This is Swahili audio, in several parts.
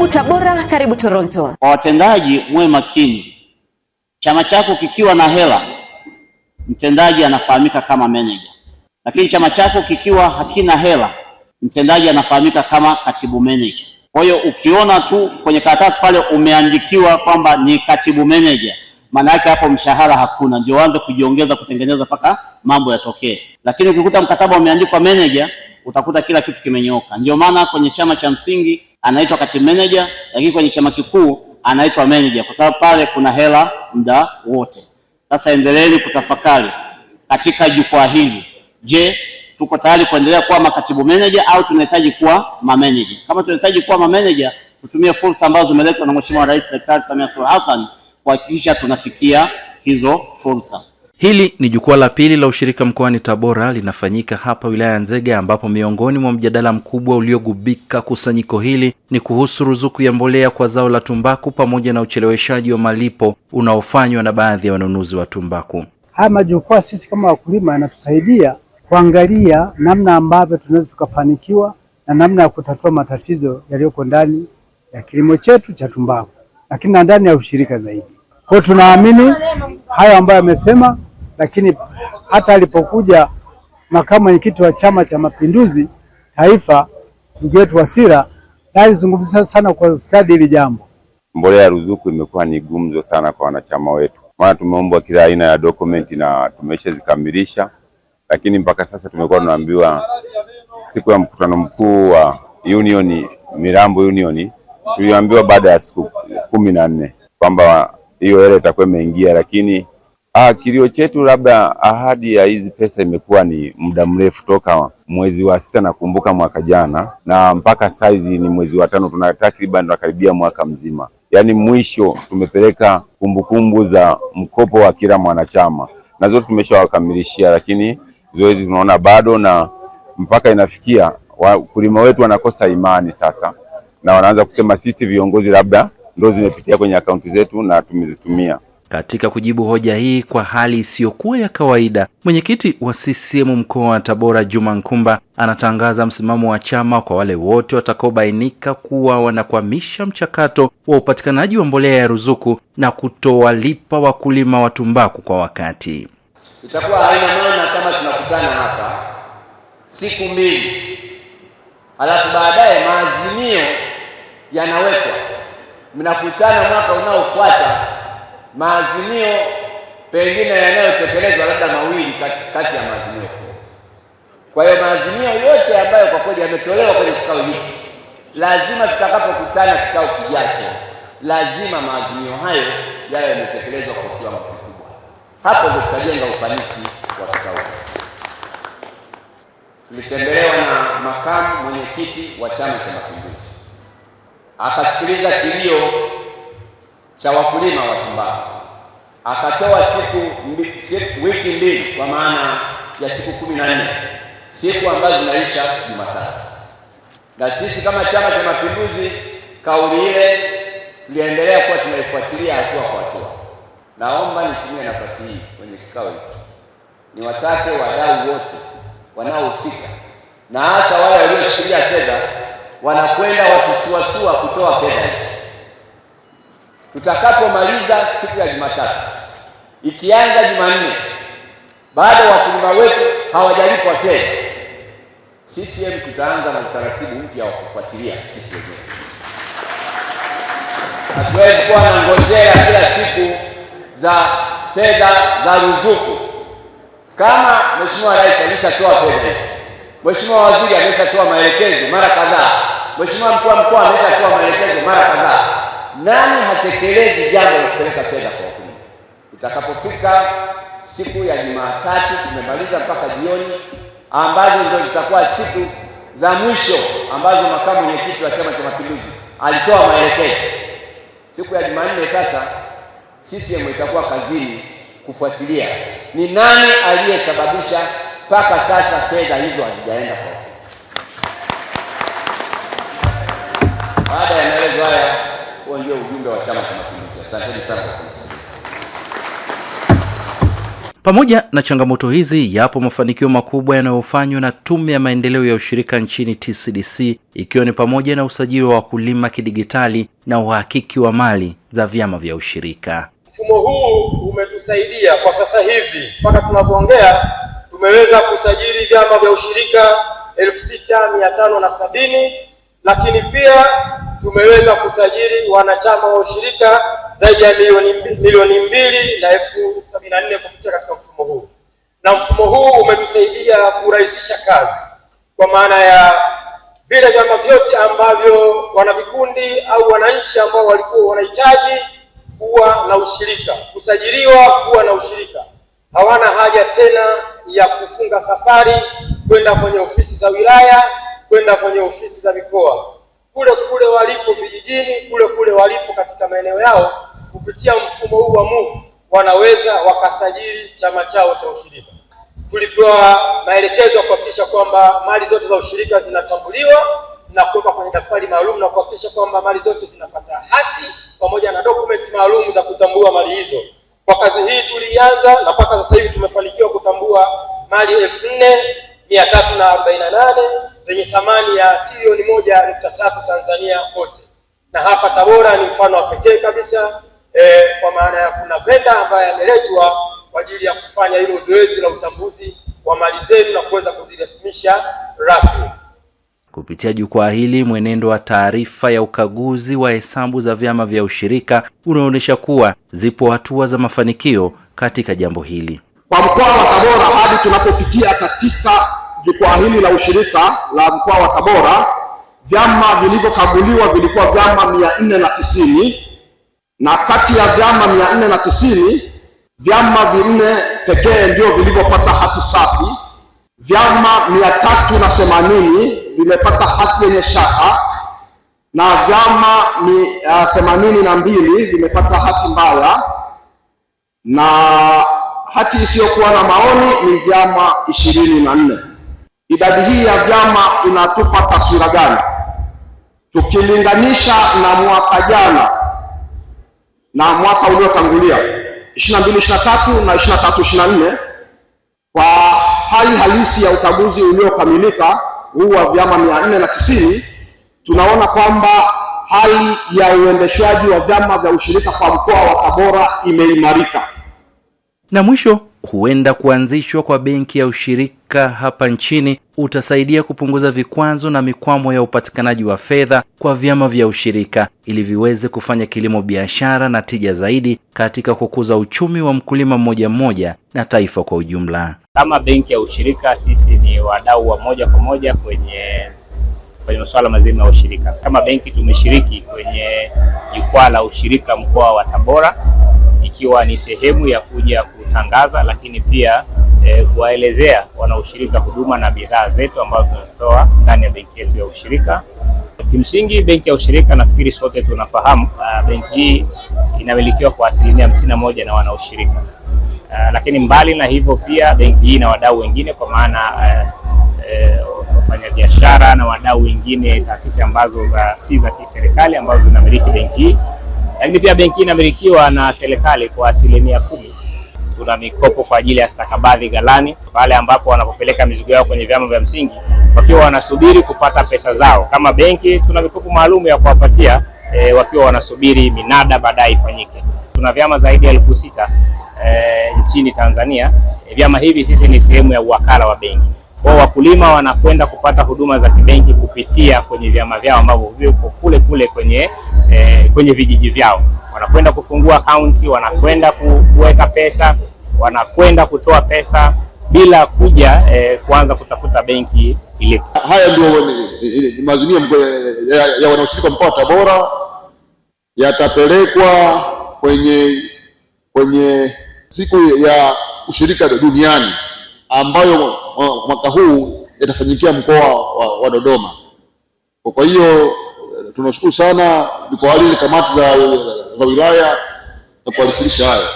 Karibu Tabora, karibu Toronto. Kwa watendaji muwe makini, chama chako kikiwa na hela, mtendaji anafahamika kama manager, lakini chama chako kikiwa hakina hela, mtendaji anafahamika kama katibu manager. Kwa hiyo ukiona tu kwenye karatasi pale umeandikiwa kwamba ni katibu manager, maana yake hapo mshahara hakuna, ndio uanze kujiongeza kutengeneza mpaka mambo yatokee. Lakini ukikuta mkataba umeandikwa manager, utakuta kila kitu kimenyoka. Ndio maana kwenye chama cha msingi anaitwa kati manager, lakini kwenye chama kikuu anaitwa manager, kwa sababu pale kuna hela muda wote. Sasa endeleeni kutafakari katika jukwaa hili. Je, tuko tayari kuendelea kuwa makatibu manager au tunahitaji kuwa mameneja? Kama tunahitaji kuwa mameneja, tutumie fursa ambazo zimeletwa na Mheshimiwa Rais Daktari Samia Suluhu Hassan kuhakikisha tunafikia hizo fursa. Hili ni jukwaa la pili la ushirika mkoani Tabora linafanyika hapa wilaya ya Nzega, ambapo miongoni mwa mjadala mkubwa uliogubika kusanyiko hili ni kuhusu ruzuku ya mbolea kwa zao la tumbaku pamoja na ucheleweshaji wa malipo unaofanywa na baadhi ya wanunuzi wa tumbaku. Haya majukwaa sisi kama wakulima yanatusaidia kuangalia namna ambavyo tunaweza tukafanikiwa na namna ya kutatua matatizo yaliyoko ndani ya kilimo chetu cha tumbaku, lakini na ndani ya ushirika zaidi. Kwa tunaamini hayo ambayo amesema lakini hata alipokuja makamu mwenyekiti wa Chama cha Mapinduzi taifa ndugu yetu Wasira na alizungumza sana kwa ustadi hili jambo. Mbolea ya ruzuku imekuwa ni gumzo sana kwa wanachama wetu, maana tumeombwa kila aina ya dokumenti na tumeshazikamilisha, lakini mpaka sasa tumekuwa tunaambiwa siku ya mkutano mkuu wa union Mirambo Union tuliambiwa baada ya siku kumi na nne kwamba hiyo hela itakuwa imeingia, lakini Ah, kilio chetu labda ahadi ya hizi pesa imekuwa ni muda mrefu toka mwezi wa sita nakumbuka mwaka jana na mpaka saizi ni mwezi wa tano, tuna takriban tunakaribia mwaka mzima. Yaani mwisho tumepeleka kumbukumbu za mkopo wa kila mwanachama na zote tumeshawakamilishia, lakini zoezi tunaona bado, na mpaka inafikia wakulima wetu wanakosa imani sasa, na wanaanza kusema sisi viongozi labda ndo zimepitia kwenye akaunti zetu na tumezitumia. Katika kujibu hoja hii kwa hali isiyokuwa ya kawaida, mwenyekiti wa CCM mkoa wa Tabora Juma Nkumba anatangaza msimamo wa chama kwa wale wote watakaobainika kuwa wanakwamisha mchakato wa upatikanaji wa mbolea ya ruzuku na kutowalipa wakulima wa tumbaku kwa wakati. Itakuwa haina maana kama tunakutana hapa siku mbili, halafu baadaye maazimio yanawekwa, mnakutana mwaka unaofuata maazimio pengine yanayotekelezwa labda mawili kati ya maazimio kuu. Kwa hiyo maazimio yote ambayo kwa kweli yametolewa kwenye kikao hiki, lazima tutakapokutana kikao kijacho, lazima maazimio hayo yayo yametekelezwa kwa kiwango kikubwa. Hapo ndio tutajenga ufanisi wa kikao. Tulitembelewa na makamu mwenyekiti wa Chama cha Mapinduzi, akasikiliza kilio cha wakulima wa tumbaku akatoa siku mbi, siku, wiki mbili kwa maana ya siku kumi na nne siku ambazo zinaisha Jumatatu. Na sisi kama Chama cha Mapinduzi, kauli ile tuliendelea kuwa tunaifuatilia hatua kwa hatua. Naomba nitumie nafasi hii kwenye kikao hiki niwatake wadau wote wanaohusika na hasa wale walioshikilia fedha wanakwenda wakisuasua kutoa fedha hizo tutakapomaliza siku ya Jumatatu, ikianza Jumanne, bado wakulima wetu hawajalipwa fedha, CCM tutaanza na utaratibu mpya wa kufuatilia sisi wenyewe. Hatuwezi kuwa na ngojea kila siku za fedha za ruzuku. Kama Mheshimiwa Rais alishatoa fedha hizi, Mheshimiwa Waziri ameshatoa maelekezo mara kadhaa, Mheshimiwa Mkuu wa Mkoa ameshatoa maelekezo mara kadhaa nani hatekelezi jambo la kupeleka fedha kwa wakulima. Itakapofika siku ya Jumatatu, tumemaliza mpaka jioni, ambazo ndio zitakuwa siku za mwisho ambazo makamu mwenyekiti wa Chama cha Mapinduzi alitoa maelekezo. Siku ya Jumanne sasa CCM itakuwa kazini kufuatilia ni nani aliyesababisha mpaka sasa fedha hizo hazijaenda kwa. Baada ya maelezo haya ndio ujumbe wa Chama cha Mapinduzi. Asanteni sana kwa kunisikiliza. Pamoja na changamoto hizi, yapo mafanikio makubwa yanayofanywa na Tume ya Maendeleo ya Ushirika nchini TCDC, ikiwa ni pamoja na usajili wa wakulima kidigitali na uhakiki wa mali za vyama vya ushirika. Mfumo huu umetusaidia kwa sasa hivi, mpaka tunapoongea, tumeweza kusajili vyama vya ushirika elfu sita mia tano na sabini lakini pia tumeweza kusajili wanachama wa ushirika zaidi ya milioni mbili na elfu sabini na nne kupitia katika mfumo huu, na mfumo huu umetusaidia kurahisisha kazi kwa maana ya vile vyama vyote ambavyo wana vikundi au wananchi ambao walikuwa wanahitaji kuwa na ushirika, kusajiliwa kuwa na ushirika, hawana haja tena ya kufunga safari kwenda kwenye ofisi za wilaya, kwenda kwenye ofisi za mikoa kule kule walipo vijijini, kule kule walipo katika maeneo yao. Kupitia mfumo huu wa MUVU wanaweza wakasajili chama chao cha ushirika. Tulipewa maelekezo ya kuhakikisha kwamba mali zote za ushirika zinatambuliwa na kuwekwa kwenye daftari maalum na kuhakikisha kwamba mali zote zinapata hati pamoja na dokumenti maalum za kutambua mali hizo. Kwa kazi hii tulianza na mpaka sasa hivi tumefanikiwa kutambua mali elfu nne mia tatu na arobaini na nane zenye thamani ya trilioni moja nukta tatu Tanzania kote, na hapa Tabora ni mfano wa pekee kabisa e, kwa maana ya kuna venda ambaye ameletwa kwa ajili ya kufanya hilo zoezi la utambuzi wa mali zetu na kuweza kuzirasimisha rasmi. Kupitia jukwaa hili, mwenendo wa taarifa ya ukaguzi wa hesabu za vyama vya ushirika unaonyesha kuwa zipo hatua za mafanikio katika jambo hili. Kwa mkoa wa Tabora hadi tunapofikia katika jukwaa hili la ushirika la mkoa wa Tabora, vyama vilivyokaguliwa vilikuwa vyama mia nne na tisini na kati ya vyama mia nne na tisini vyama vinne pekee ndio vilivyopata hati safi. Vyama mia tatu na themanini vimepata hati yenye shaka na vyama eh, themanini na mbili vimepata hati mbaya na hati isiyokuwa na maoni ni vyama ishirini na nne. Idadi hii ya vyama inatupa taswira gani tukilinganisha na mwaka jana na mwaka uliotangulia 22 23 na 23 24 kwa hali halisi ya ukaguzi uliokamilika huu wa vyama 490 tunaona kwamba hali ya uendeshaji wa vyama vya ushirika kwa mkoa wa Tabora imeimarika. Na mwisho, huenda kuanzishwa kwa benki ya ushirika kutumika hapa nchini utasaidia kupunguza vikwazo na mikwamo ya upatikanaji wa fedha kwa vyama vya ushirika ili viweze kufanya kilimo biashara na tija zaidi katika kukuza uchumi wa mkulima mmoja mmoja na taifa kwa ujumla. Kama benki ya ushirika, sisi ni wadau wa moja kwa moja kwenye kwenye masuala mazima ya ushirika. Kama benki tumeshiriki kwenye jukwaa la ushirika mkoa wa Tabora, ikiwa ni sehemu ya kuja kutangaza, lakini pia e, kuwaelezea wanaoshirika huduma na bidhaa zetu ambazo tunazitoa ndani ya benki yetu ya ushirika. Kimsingi, benki ya ushirika nafikiri sote tunafahamu, ah, benki hii inamilikiwa kwa asilimia hamsini na moja na wanaoshirika, ah, lakini mbali na hivyo pia benki hii na wadau wengine kwa maana eh, eh, wafanyabiashara na wadau wengine, taasisi ambazo za si za kiserikali ambazo zinamiliki benki hii, lakini pia benki hii inamilikiwa na serikali kwa asilimia kumi tuna mikopo kwa ajili ya stakabadhi ghalani, pale ambapo wanapopeleka mizigo yao kwenye vyama vya msingi wakiwa wanasubiri kupata pesa zao. Kama benki, tuna mikopo maalum ya kuwapatia e, wakiwa wanasubiri minada baadaye ifanyike. Tuna vyama zaidi ya elfu sita e, nchini Tanzania. E, vyama hivi sisi ni sehemu ya uwakala wa benki. Kwa wakulima wanakwenda kupata huduma za kibenki kupitia kwenye vyama vyao ambavyo viko kule kule kwenye eh, kwenye vijiji vyao. Wanakwenda kufungua akaunti, wanakwenda kuweka pesa, wanakwenda kutoa pesa bila kuja eh, kuanza kutafuta benki ilipo. Haya ndio eh, eh, maazimio eh, ya, ya wanaoshiriki kwa mkoa wa Tabora yatapelekwa kwenye kwenye siku ya ushirika duniani ambayo Ah, mwaka huu yatafanyikia mkoa wa, wa Dodoma. Kwa hiyo eh, tunashukuru sana mikoa hii kamati za, za wilaya na kuwasilisha haya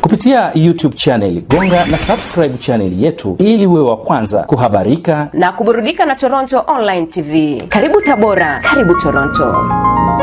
kupitia YouTube channel. Gonga na subscribe channel yetu ili wewe wa kwanza kuhabarika na kuburudika na Toronto Online TV. Karibu Tabora, karibu Toronto.